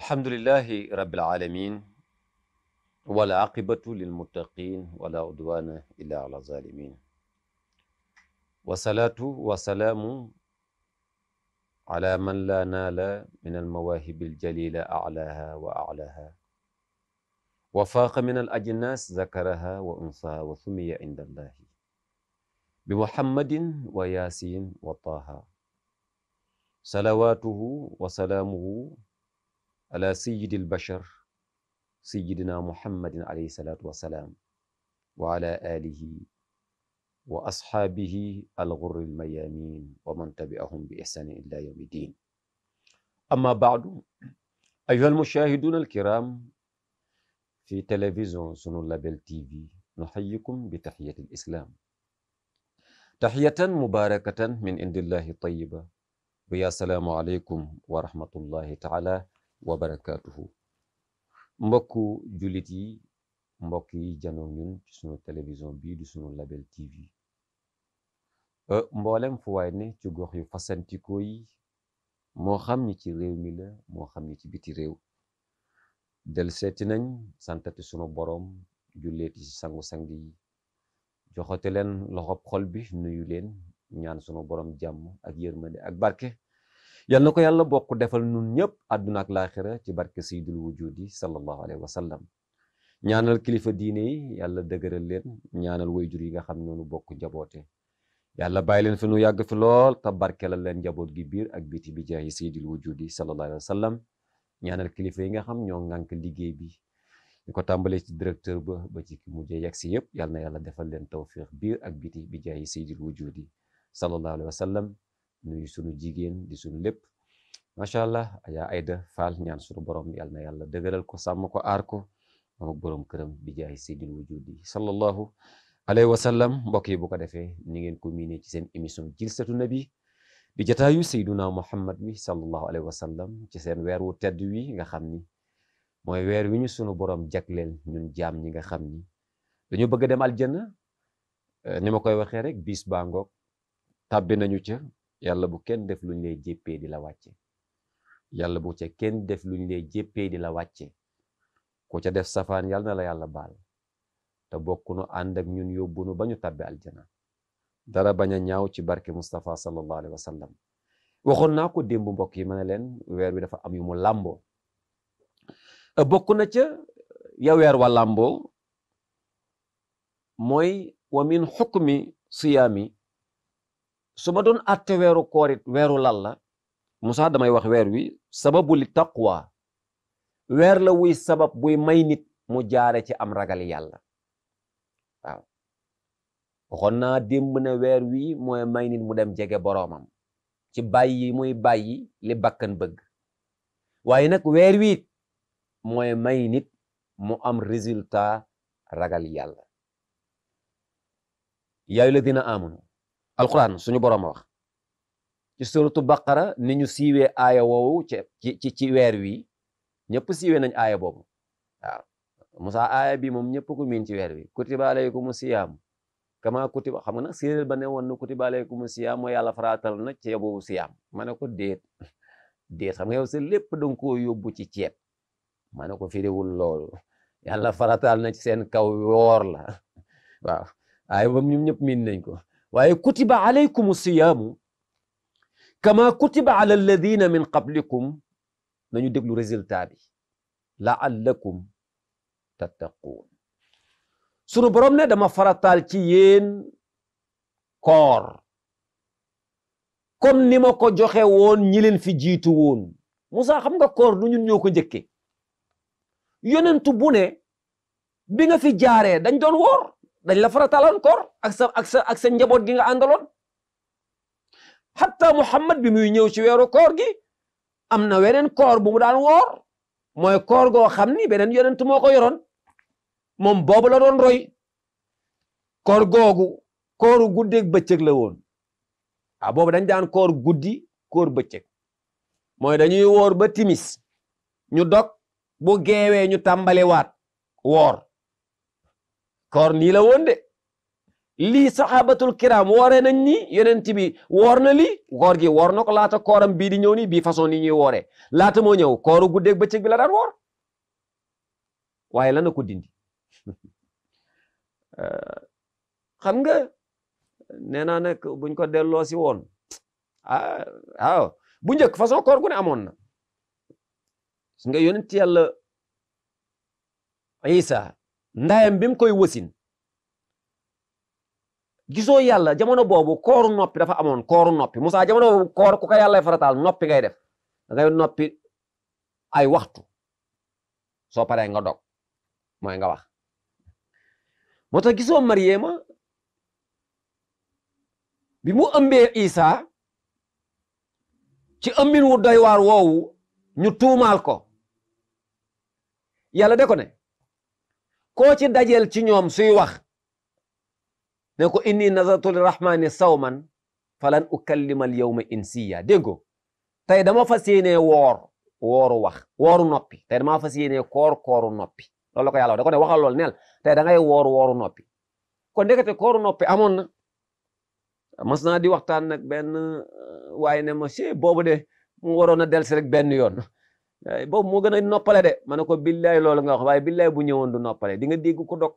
alhamdulillahi rabbil alamin wal aqibatu lil muttaqin wala udwana illa ala zalimin wasalaatu wasalaamu ala man la naala min almawahibi aljalila alaha wa alaha wa faaqa min al ajnas zakaraha wa unsaha wa sumiya inda allahi bi muhammadin wa yaasin wa taha salawaatuhu wa salaamuhu ala sayyidil bashar sayyidina muhammadin alayhi salaatu wa salaam wa ala alihi wa asxaabihi al-ghurril mayaamiin wa man tabi'ahum bi ihsaanin ilaa yawmi diin amma ba'du ayyuhal mushaahiduuna al-kiraam fi télévision sunu Label TV nuhayyikum bi tahiyyati l-islaam tahiyatan mubaarakatan min indillaahi tayyiba wa yaa salaamu aleykum wa rahmatullaahi ta'aalaa wa barakaatuhu mbokku jullit yi mbokk yi janoog ñun ci sunu télévision bii di sunu Label TV e, mboolem fu waay ne ci gox yu fasantikoo yi moo xam ni ci réew mi la moo xam ni ci biti réew del seeti nañ santati sunu boroom julleeti ci sangu-sang yi joxote leen loxob xol bi nuyu leen ñaan sunu boroom jàmm ak yërmande ak barke yal na ko yàlla bokk defal nun ñëpp àdduna ak laaxira ci barke sayyidul wujudi sallallahu alayhi wa sallam ñaanal kilifa diine yi yàlla dëgëral leen ñaanal wayjur yi nga xam noonu bokk njaboote yàlla bàyyi leen fi nu yàgg fi lool te barkeelal leen njaboot gi biir ak biti bi jaayi sayyidul wujudi sallallahu alayhi wa sallam ñaanal kilifa yi nga xam ñoo ngànk liggéey bi ko tàmbalee ci directeur ba ba ci ki mujjee yegg si yëpp yal na yàlla defal leen tawfiq biir ak bi jaayi sayyidul nuyu sunu jigéen di sunu lépp macha allah yaa Aida Fall ñaan sunu borom yàlla na yàlla dëgëral ko sàmm ko aar ko moom ak borom këram bi jaay seydil wujudi sallallahu alayhi wa sallam mbokk yi bu ko defee ni ngeen ko miine ci seen émission jilsatu nabi di jataayu seyduna muhammad wi sallallahu alayhi wa sallam ci seen weer wu tedd wi nga xam ni mooy weer wi ñu sunu borom jagleel ñun jaam ñi nga xam ni dañu bëgg dem aljanna eh, ni ma koy waxee rek bis baa ngoog nañu ca yàlla bu kenn def luñ lay jéppee di la wàcce yàlla bu ca kenn def luñ lay jéppee di la wàcce ku ca def safaan yàlla na la yàlla baal te bokkunu nu ànd ak ñun yóbbu nu ba ñu tàbbi aljana dara bañ a ñaaw ci barke mustafaa sallallahu alayhi wa sallam naa ko démb mbokk yi ma ne leen weer wi dafa am yu mu làmboo eh, bokk na ca ya weer wa làmboo mooy wa min xukmi siyaami su ma doon atte weeru koorit weeru lan la Moussa damay wax weer wi sababul taqwa weer la wuy sabab buy may nit mu jaare ci am ragal yàlla waaw waxoon naa démb ne weer wi mooy may mu dem jege boroomam ci bàyyi muy bàyyi li bakkan bëgg waaye nag weer wi it mooy nit mu am résultat ragal yàlla yaayu la dina amunu alquran suñu boroom a wax ci suratu baqara ni ñu siiwee aaya woowu ci ci ci weer wi ñëpp siiwee nañ aaya boobu waaw Musaa aaya bi moom ñëpp ko miin ci weer wi kutiba alaykumu siyaam kama kutiba xam nga ba ne woon na kutiba alaykumu yàlla faraatal na ci boobu siyaam ma ne ko déet déet nga yow sa lépp danga koo yóbbu ci ceeb ma ne ko firiwul loolu yàlla farataal na ci seen kaw woor la waaw aaya boobu ñun miin nañ ko waaye kutiba alaykum siyaamu kama kutiba ala alladina min qablikum nañu déglu résultat bi laallakum tattaquun sunu borom ne dama farataal ci yéen koor kon ni ma ko joxe woon ñi fi jiitu woon Moussa xam nga koor du ñun ñoo ko njëkke yonentu bu ne bi nga fi jaaree dañ doon woor dañ la farataaloon koor ak sa ak sa ak sa njaboot gi nga àndaloon xatta Muhammad bi muy ñëw ci weeru koor gi am na weneen koor bu mu daan woor mooy koor go xam ni beneen yonent moo ko yoroon moom boobu la doon roy koor googu kooru guddeeg bëccëg la woon ah boobu dañ daan koor guddi koor bëccëg mooy dañuy woor ba timis ñu dog bu geewee ñu tàmbali waat woor koor nii la woon de lii saxaabatul kiram woore nañ ni yonent bi woor na lii koor gi woor na ko laata kooram bii di ñëw nii bii façon ni ñuy woore laata moo ñëw kooru guddeeg bëccëg bi la daan woor waaye lan la ko dindi euh, xam nga nee naa nag buñ ko delloo woon ah waaw bu njëkk façon koor gu amoon na su nga yonent yàlla Isa ndayam bi koy wasin gisoo yàlla jamono boobu kooru noppi dafa amoon kooru noppi Moussa jamono boobu koor ku ko yàlla farataal noppi ngay def ngay noppi ay waxtu soo paree nga dog mooy nga wax mo tax gisoo Mariama bi mu ëmbee Isa ci ëmbin wu doy waar woowu ñu tuumaal ko yàlla de ko ne koo ci dajeel ci ñoom suy wax ne ko inni nazartu lirahmani sawman falan ukallima al yawma insiya déggo tey dama fas yéenee woor wooru wax wooru noppi tey dama fas yéenee koor kooru noppi loolu la ko yàlla da ko ne waxal lool neel tey da woor wooru noppi kon ndekete kooru noppi amoon na mas naa di waxtaan nag benn waaye ne ma si boobu de mu waroon a delsi rek benn yoon Eh, boobu moo gën noppale de ma ne ko billaay lool nga wax waaye billaay bu ñëwoon du noppale di nga dégg ko dog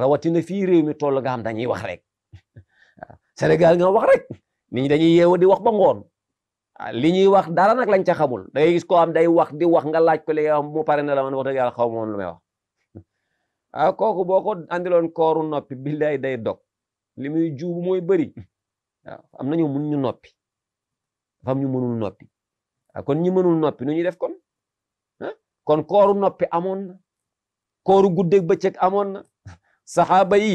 rawatina fii réew mi toll nga xam dañuy wax rek ah, Sénégal nga wax rek nit ñi dañuy yeewa di wax ba ngoon ah, li ñuy wax dara nag lañ ca xamul da ngay gis koo am day wax di wax nga laaj ko léegi mu pare na la man wax dëgg yàlla xaw ma woon lu may wax ah kooku boo ko andiloon kooru noppi billaay day dog li muy juubu mooy bari ah, am na ñu mun ñu noppi dafa ñu mënul noppi. Ah, kon ñi mënul noppi nu ñuy def kon kon kooru noppi amoon na kooru guddeeg bëccëg amoon na saxaaba yi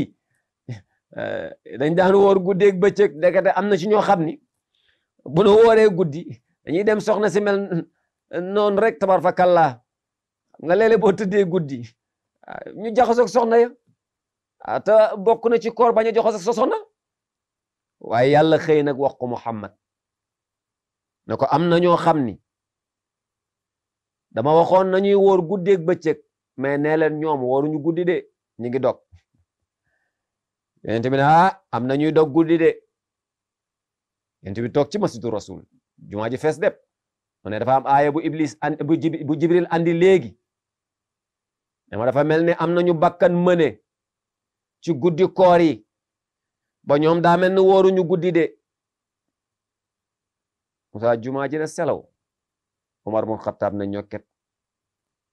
eh, dañ daan woor guddeeg bëccëg ndekete am na ci ñoo xam ni bu nu wooree guddi dañuy dem soxna si mel noonu rek tabar fa kallaa nga lele léeg boo tëddee guddi ah, ñu jaxasoo ak soxna ya ah, te bokk na ci koor ba a joxasoo ak soxna waaye yàlla xëy nag wax ko Muhammad ne ko am na ñoo xam ni dama waxoon nañuy wóor guddeeg bëccëg mais nee leen ñoom wóoruñu guddi de ñu ngi dog yonent bi ne ah, am na ñuy dog guddi de yonent bi toog ci masjidu rasul jumaa ji fees deb mu ne dafa am aaya bu iblis bu jibril andi léegi dama dafa mel ne am nañu bakkan mëne ci guddi koor yi ba ñoom daa mel ni wóoruñu guddi de Moussa jumaa ji de selaw Omar bun Xattaab ne ñokket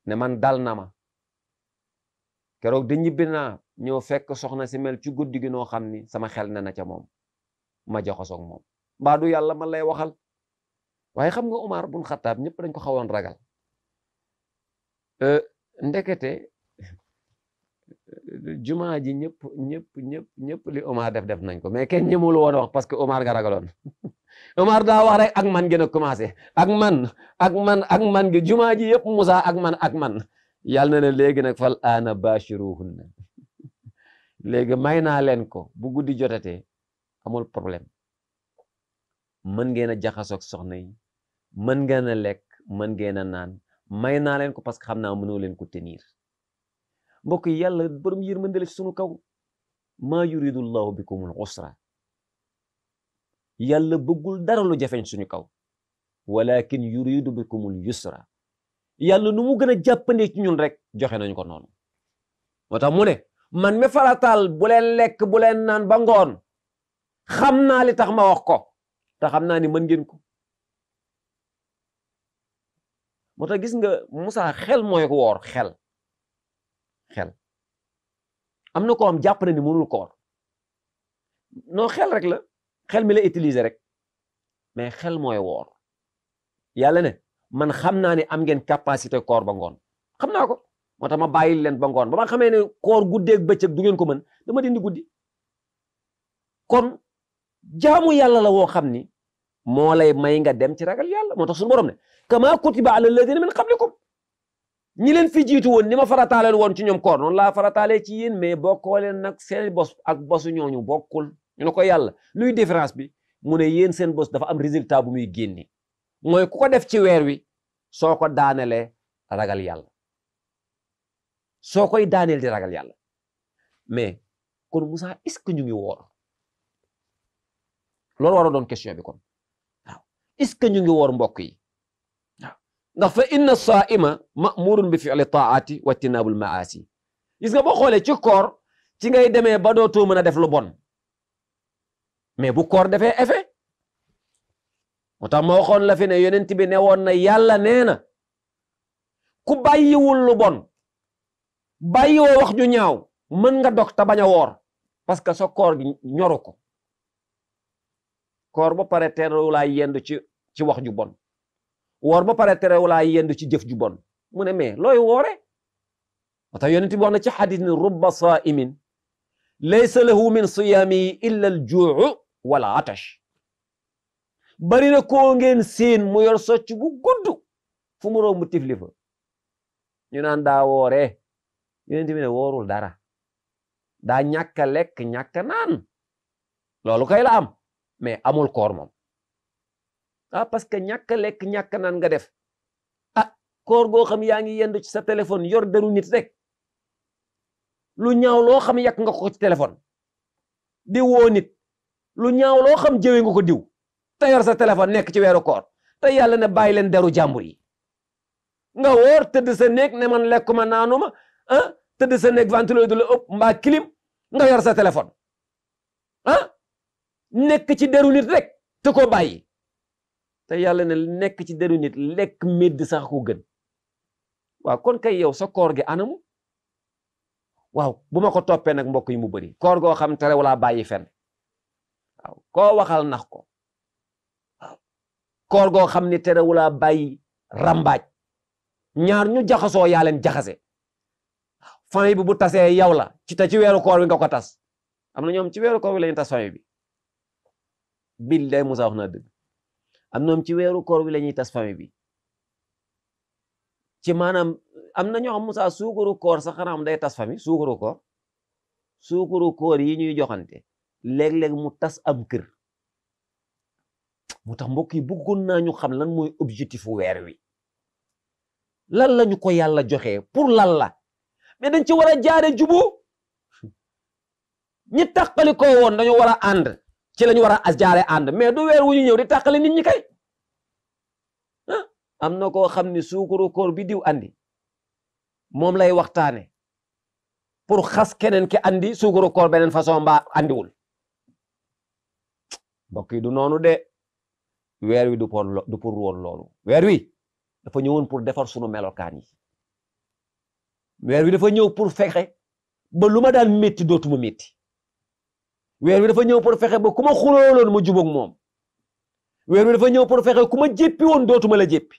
ne man dal na ma keroog da ñibbi naa ñëw fekk soxna si mel ci guddi gi noo xam ni sama xel ne na ca moom ma joxosoog moom mbaa du yàlla man lay waxal waaye xam nga Omar bun Xattaab ñëpp dañ ko xawoon ragal euh, ndekete jumaa ji ñëpp ñëpp ñëpp li Omar def def nañ ko mais kenn ñëmul woon wax parce que Omar nga ragaloon Omar daa wax ak man gën a commencé ak man ak man ak man gi jumaa ji yëpp Moussa ak man ak man yàlla na ne léegi nag fal aana bashiruhunna léegi may naa leen ko bu guddi jotatee amul problème mën ngeen a jaxasoog soxna yi mën ngeen a lekk mën ngeen a naan may naa leen ko parce que xam naa mënoo leen ko tenir mbokk yi yàlla borom yërmande la ci sunu kaw maa yuridu llahu bikumul usra yàlla bëggul dara lu jafeñ suñu kaw walakin yuridu bikumul yusra yàlla nu mu gën a jàppandee ci rek joxe nañ ko noonu moo tax mu ne man mi farataal bu leen lekk bu leen naan ba ngoon xam naa li tax ma wax ko te xam naa ni mën ngeen ko moo tax gis nga Moussa xel mooy woor xel xel am na ko am jàpp na ni mënul koor non xel rek la xel mi la utiliser rek mais xel mooy woor yàlla ne man xam naa ni am ngeen capacité koor ba ngoon xam naa ko moo tax ma bàyyil leen ba ngoon ba ma xamee ne koor guddeeg bëccëg du ngeen ko mën dama dindi guddi kon jamu yàlla la woo xam ni moo lay may nga dem ci ragal yàlla moo tax suñu borom ne kama kutiba ala alladina min qablikum ñi leen fi jiitu woon ni ma fara farataaleen woon ci ñoom koor noonu laa farataalee ci yéen mais bokkoo leen nag seen bos ak bosu ñooñu bokkul ñu ne ko yàlla luy différence bi mu ne yéen seen bos dafa am résultat bu muy génne mooy ku ko def ci weer wi soo ko daanelee ragal yàlla soo koy daaneel di ragal yàlla mais kon Moussa est-ce que ñu ngi woor loolu war a doon question bi kon waaw est-ce que ñu ngi woor mbokk yi ndax fa inna saaima mamurun bi fili taati wa tinaabul maasi gis nga boo xoolee ci koor ci ngay demee ba dootoo mën a def lu bon mais bu koor defee effet moo tax ma waxoon la fi ne yonent bi ne woon na yàlla nee na ku bàyyiwul lu bon bàyyiwoo wax ju ñaaw mën nga dog te bañ a woor parce que sa koor gi ñoru ko koor ba pare teeru laa yendu ci ci wax ju bon woor ba pare tere terewulaa yendu ci jëf ju bon mu ne mais looy woore moo tax na ci xadis ni rubba saa'imin laysa lahu min siyaamihi illa al juu wal bari na koo ngeen seen mu yor socc bu fu mu romb tifli fa ñu naan daa woore yonent bi woorul dara daa ñàkk a lekk naan loolu kay la am mais amul koor ah parce que ñàkk lekk ñàkk nan nga def ah koor goo xam yaa ngi yendu ci sa téléphone yor deru nit rek lu ñaaw loo xam yàq nga ko ci téléphone di nit lu ñaaw loo xam jëwee nga ko diw te yor sa téléphone nekk ci weeru koor te yàlla na bàyyi leen deru jàmbur yi nga woor tëdd sa néeg ne man lekkuma naanuma ah tëdd sa néeg ventilo du la ëpp mbaa clim nga yor sa téléphone ah nekk ci deru nit rek te ko bàyyi te yàlla ne nekk ci deru nit lekk médd sax ko gën waaw kon kay yow sa koor gi anamu waaw bu ma ko toppee nag mbokk yi mu bëri koor goo xam tere wala bàyyi fen waaw waxal nax ko waaw goo xam ni tere wala bàyyi rambaaj ñaar ñu jaxasoo yaa leen jaxase famille bi bu tasee yow la ci te ci weeru koor wi nga ko tas am na ñoom ci weeru koor wi lañu tas famille bi billaay Moussa wax na dëgg am na ci weeru koor wi la ñuy tas famille bi ci maanaam am na ñoo xam Moussa suukaru koor sax xanaa day tas famille suukaru koor suukaru koor yi ñuy joxante léeg-léeg mu tas am kër mu tax mbokk yi bëggoon naa ñu xam lan mooy objectif weer wi lan la ko yàlla joxe pour lan la mais dañ ci war a jaare jubu ñi tàqali ko woon dañoo war a ànd ci la ñu war a as jaaree ànd mais du weer wu ñu ñëw di tàqale nit ñi kay ah, am na koo xam ni suukaru koor bi diw andi moom lay waxtaane pour xas keneen ki andi suukaru koor beneen façon mbaa andiwul mbokk yi du noonu de weer wi du pour du pour loolu weer wi dafa ñëwoon pour defar sunu melokaan yi weer wi dafa ñëw pour fexe ba lu ma daan métti dootuma métti weer wi dafa ñëw pour fexe ba ku ma xulooloon ma jubóog moom weer wi dafa ñëw pour fexe ku ma jéppi woon dootuma la jéppi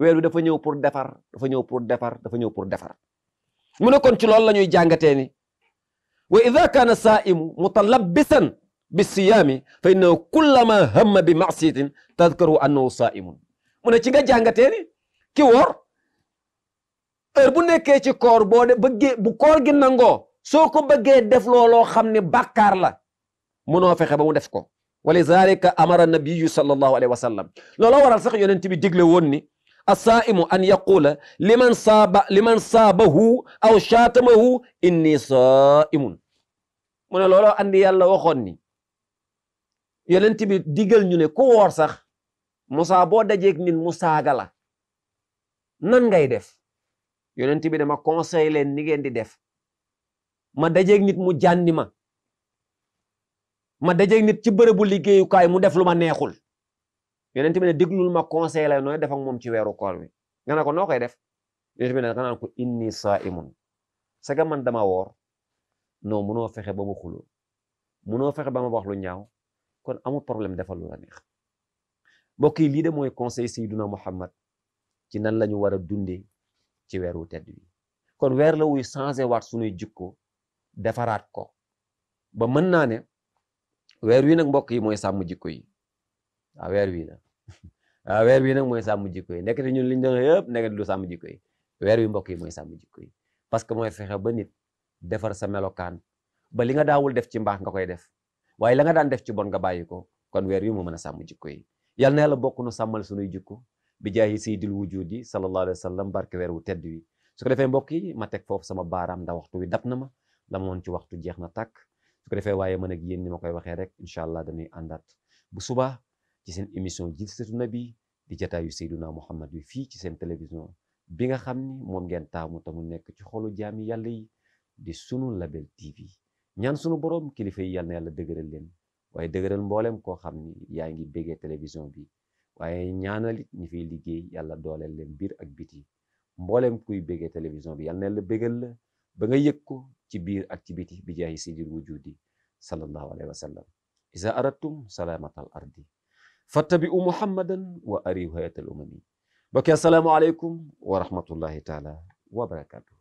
weer wi dafa ñëw pour defar dafa ñëw pour defar dafa ñëw pour defar mu ne kon ci loolu la ñuy jàngatee ni wa ida kaana saaimu mutalabbisan bi siyaami fa innahu kullama hamma bi masiyatin tadkaru annahu saaimun mu ne ci nga jàngatee ni ki woor heure bu nekkee ci koor boo de bëggee bu koor gi nangoo soo ko bëggee def looloo xam ne bàkkaar la mënoo fexe ba mu def ko wa lizalika amara nabiyu sallallahu alayhi looloo waral sax yonent bi digle woon ni assaimu an yaqula liman saaba liman saabahu aw shaatamahu inni saimun mu ne looloo andi yàlla waxoon ni yonent bi digal ñu ne ku woor sax Musaa boo dajeeg mu saaga la nan ngay def yonent bi dama conseil leen ni ngeen di def ma dajeeg nit mu jànni ma dajeeg nit ci bërëbu liggéeyukaay mu def lu ma neexul yonent bi ne déglul ma conseil la nooy def ak moom ci weeru koor bi nga ne ko noo koy def yonent bi ne nga naan ko man dama woor non munoo fexe ba mu xuloo munoo fexe ba ma wax lu ñaaw kon amul problème defal lu la neex mbokk yi lii de mooy conseil Seydina Muhammad ci nan la war a dundee ci weeru tedd bi kon weer la wuy changé waat sunuy jikko defaraat ko ba mën naa ne weer wi nag mbokk yi mooy sàmm jikko yi waaw weer wi nag waaw weer wi nag mooy sàmm jikko yi nekkati ñun li ñu doon yëpp nekkati du sàmm jikko yi weer wi mbokk yi mooy sàmm jikko yi parce que mooy fexe ba nit defar sa melokaan ba li nga daawul def ci mbaax nga koy def waaye la nga daan def ci bon nga bàyyi ko kon weer wi moo mën a sàmm jikko yi yal na yàlla bokk nu sàmmal sunuy jikko bi jaayi sayyidil wujudi sallallahu alayhi wa sallam barke weer wu tedd wi su ko defee mbokk yi ma teg foofu sama baaraam ndax wi dab na ma la ci waxtu jeex na tàkk ko waaye mën ak yéen ni ma koy waxee rek incha allah dañuy àndaat bu suba ci seen émission ji na bi di jataayu Seydina Muhammad bi fii ci seen télévision bi nga xam ni moom ngeen taamu te mu nekk ci xolu jaami yàlla yi di sunu Label TV ñaan sunu borom kilifa yi yal na yàlla dëgëral leen waaye dëgëral mboolem koo xam ni yaa ngi béggee télévision bi waaye ñaanal it ñi fiy liggéey yàlla dooleel leen biir ak biti mboolem kuy béggee télévision bi yal na la. ba nga yëg ko ci biir ak ci biti bi jaahi sayyidil wujudi sallallahu alayhi wa sallam iza aradtum salaamatal ardi fattabi'u muhammadan wa arihu hayatal umami mbokk assalaamu aleykum wa rahmatullahi taala wa barakaatu